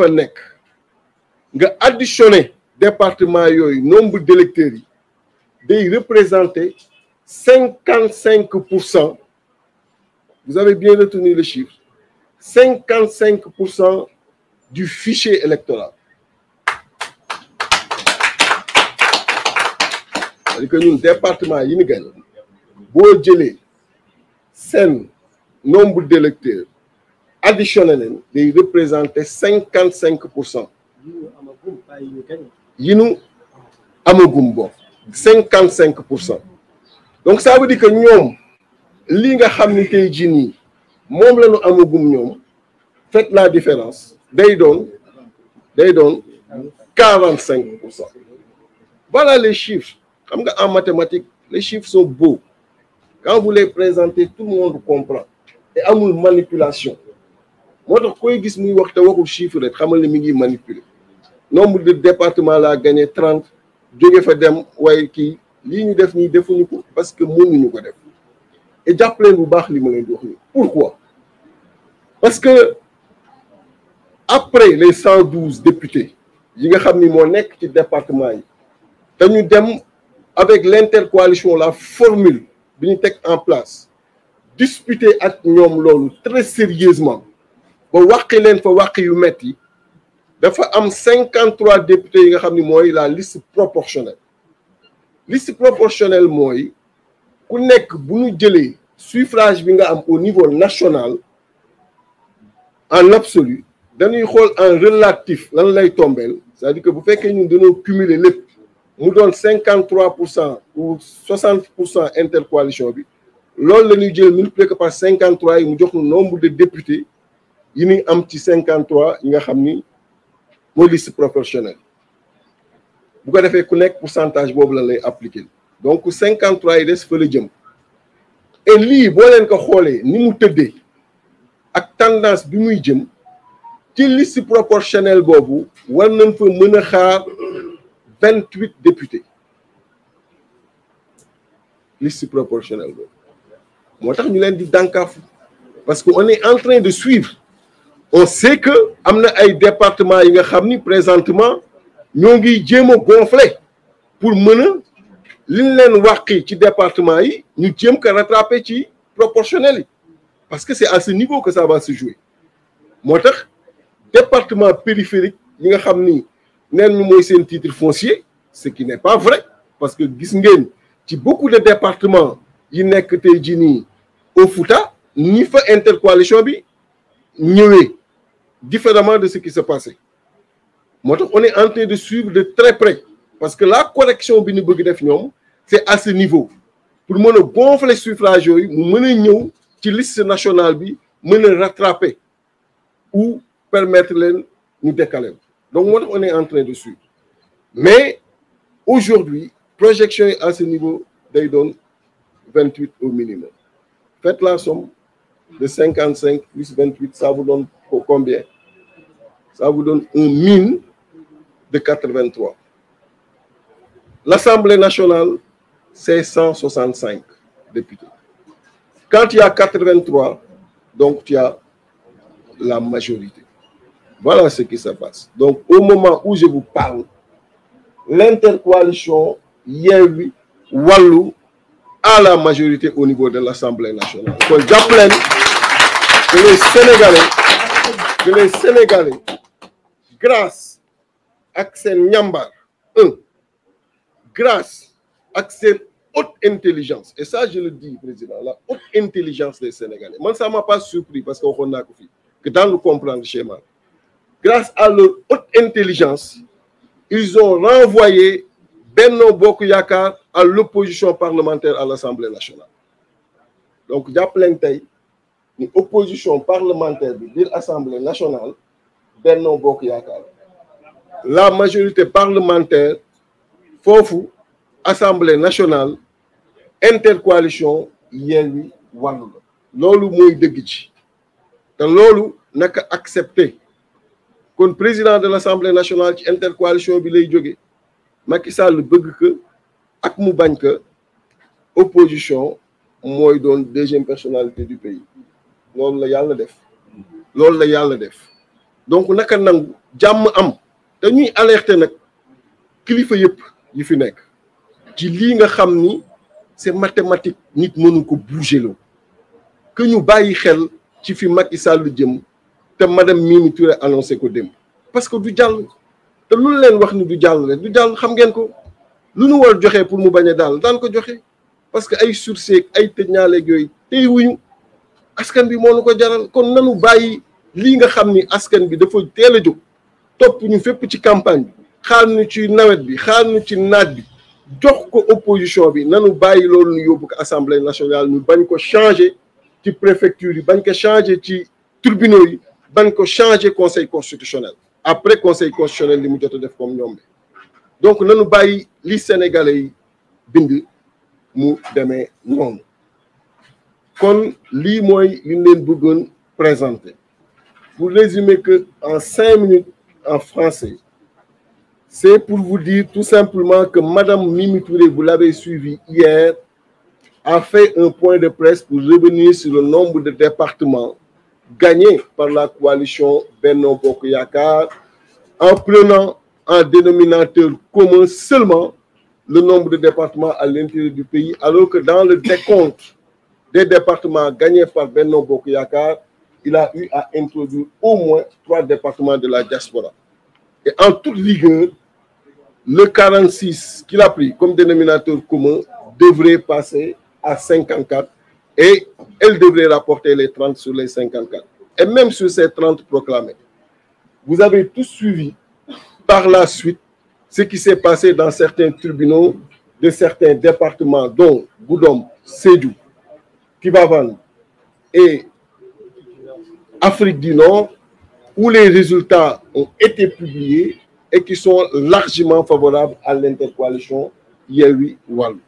fa nekk nga additionné département yooyu nombre d'électeurs yi day représenter cinquante cinq pour cent vous avez bien retenu le chiffre cinquante cinq pour cent du fichier électoral cest à département yi ñu gagné boo jëlee seen nombre d'électeurs additionné leen day représenté cinquante cinq pour cent yi nu amagum boobu cinquante cinq pour cent donc ça veut que ñoom lii nga xam ni tey jii nii moom la ñu amagum ñoom faites la différence day doon day doon quarante cinq pour cent voilà les chiffres xam nga en mathématiques les chiffres sont beaux quand vous les présentez tout le monde comprend et amul manipulation moo tax koy gis muy wax te waxul chiffre rek xamal ne mi ngi manipuler nombre de département la gagné trente jóge fa dem waaye kii lii ñu def nii defuñu ko parce que mënuñu ko def et jàpp leen bu baax li ma leen di wax nii pourquoi parce que après les cent douze députés yi nga xam ni moo nekk ci département yi ta ñu dem avec l'intercoalition la formule bi ñu teg en place disputé ak ñoom loolu très sérieusement ba wàqi leen fa wàq yu metti dafa am cinquante trois yi nga xam ni mooy la liste proportionnelle liste proportionnelle mooy ku nekk bu ñu jëlee suffrage bi nga am au niveau national en absolu dañuy xool en relatif lan lay tombeel c'est-à-dire que bu fekkee ñun dañoo cumuler lépp mu doon cinquante pour cent ou soixante pour cent intercoalition bi loolu la ñuy jël multiplié par cinquante trois yi mu jox nu nombre de députés yi ñu am ci cinquante trois yi nga xam ni mooy liste proportionnelle bu ko defee ku nekk pourcentage boobu la lay appliquer donc cinquante trois yi des fa la jëm et lii boo leen ko xoolee ni mu tëddee ak tendance bi muy jëm ci liste proportionnelle boobu war nañ fa mën a xaar vingt huit députés liste proportionnelle boobu moo tax ñu leen di dànkaafu parce que on est en train de suivre on sait que am na ay départements yi nga xam ni présentement ñoo ngi jéem a gonfler pour mën a li ñu leen wàqi ci département yi ñu jéem ko rattraper ci proportionnel yi parce que c'est à ce niveau que ça va se jouer moo tax département périphérique yi nga xam ni nen ñu mooy seen titre foncier ce qui n'est pas vrai parce que gis ngeen ci beaucoup de départements yi nekk te jii nii au Fouta ni fa intercoalition bi ñëwee différemment de ce qui se passait moo tax on est en de suivre de très près parce que la correction bi ñu bëgg def ñoom c'est à ce niveau pour mën a gonfler suffrage yooyu mu mën a ñëw ci liste national bi mën a rattraper ou permettre leen ñu décaler donc moo tax on est en de suivre mais aujourd'hui projection yi à ce niveau day doon vingt-huit au minimum faites la somme de cinquante cinq plus vingt-huit ça vous donne combien Ça vous donne un mine de 83. L'Assemblée nationale, c'est 165 la majorité. Voilà ce Donc au moment où je vous parle, l'intercoalition Yewi la majorité au niveau de l'Assemblée nationale. Que que les Sénégalais grâce ak seen ñambar un grâce ak seen haute intelligence et ça je le dis président la haute intelligence des Sénégalais man ça m'a pas surpris parce que waxoon naa ko fii que dans le comprendre schéma grâce à leur haute intelligence ils ont renvoyé Benno Bokk Yaakaar à l'opposition parlementaire à l'Assemblée nationale donc jàpp leen tey di opposition parlementaire bi biir assemblée nationale Benno Bokk Yaakaar la majorité parlementaire foofu assemblée nationale intercoalition Yewwi Wàllu la loolu mooy dëgg ci te loolu naka accepté kon président de l'assemblée nationale ci intercoalition bi lay joge Macky Sall bëgg que ak mu bañ que opposition mooy doon deuxième personnalité du pays loolu la yàlla def loolu la yàlla def donc naka nangu jàmm am dañuy alerter nag kilifa yëpp yi fi nekk ci lii nga xam ni c'est mathématique nit mënu ko bouger loo ñu bàyyi xel ci fi Macky Sall jëm te ma madame Mimi ture annoncé ko dem parce que du jàll te lu leen wax ni du jàll rek du jàll xam ngeen ko lu ñu war joxe pour mu bañ a daal daan ko joxe parce que ay surseeg ay tëj ñaaleeg yooyu tey wuñu askan bi moo nu ko jaral kon nanu bàyyi lii nga xam ni askan bi dafa teel a jóg topp ñu fépp ci campagne bi xaar nu ci nawet bi xaar nu ci naaj bi jox ko opposition bi nanu bàyyi loolu ñu yóbbu ko assemblée nationale ñu bañ ko changer ci préfecture yi bañ ko changer ci tribunaux yi bañ ko changer conseil constitutionnel après conseil constitutionnel li mu jot a def comme ñoom donc nanu bàyyi li sénégalais yi bind mu demee noonu kon lii mooy li ñu leen bëggoon présenter pour résumer que en cinq minutes en français c'est pour vous dire tout simplement que Madame Mimi Touré vous l'avez suivi hier a fait un point de presse pour revenir sur le nombre de départements gagnés par la coalition Benno Bokk en prenant en dénominateur commun seulement le nombre de départements à l'intérieur du pays alors que dans le décompte des départements gagnés par Benno Bokuyakar, il à introduire au moins trois départements de la diaspora. Et en toute rigueur, le 46 qu'il a pris comme dénominateur commun devrait passer à 54 et elle devrait rapporter les 30 sur les 54. Et même sur ces 30 proclamés, vous avez tous suivi par la suite ce qui s'est passé dans certains tribunaux de certains départements, dont Goudom, Sédou, Tibavan et Afrique du Nord, où les résultats ont été publiés et qui sont largement favorables à l'intercoalition Yehui-Wallou.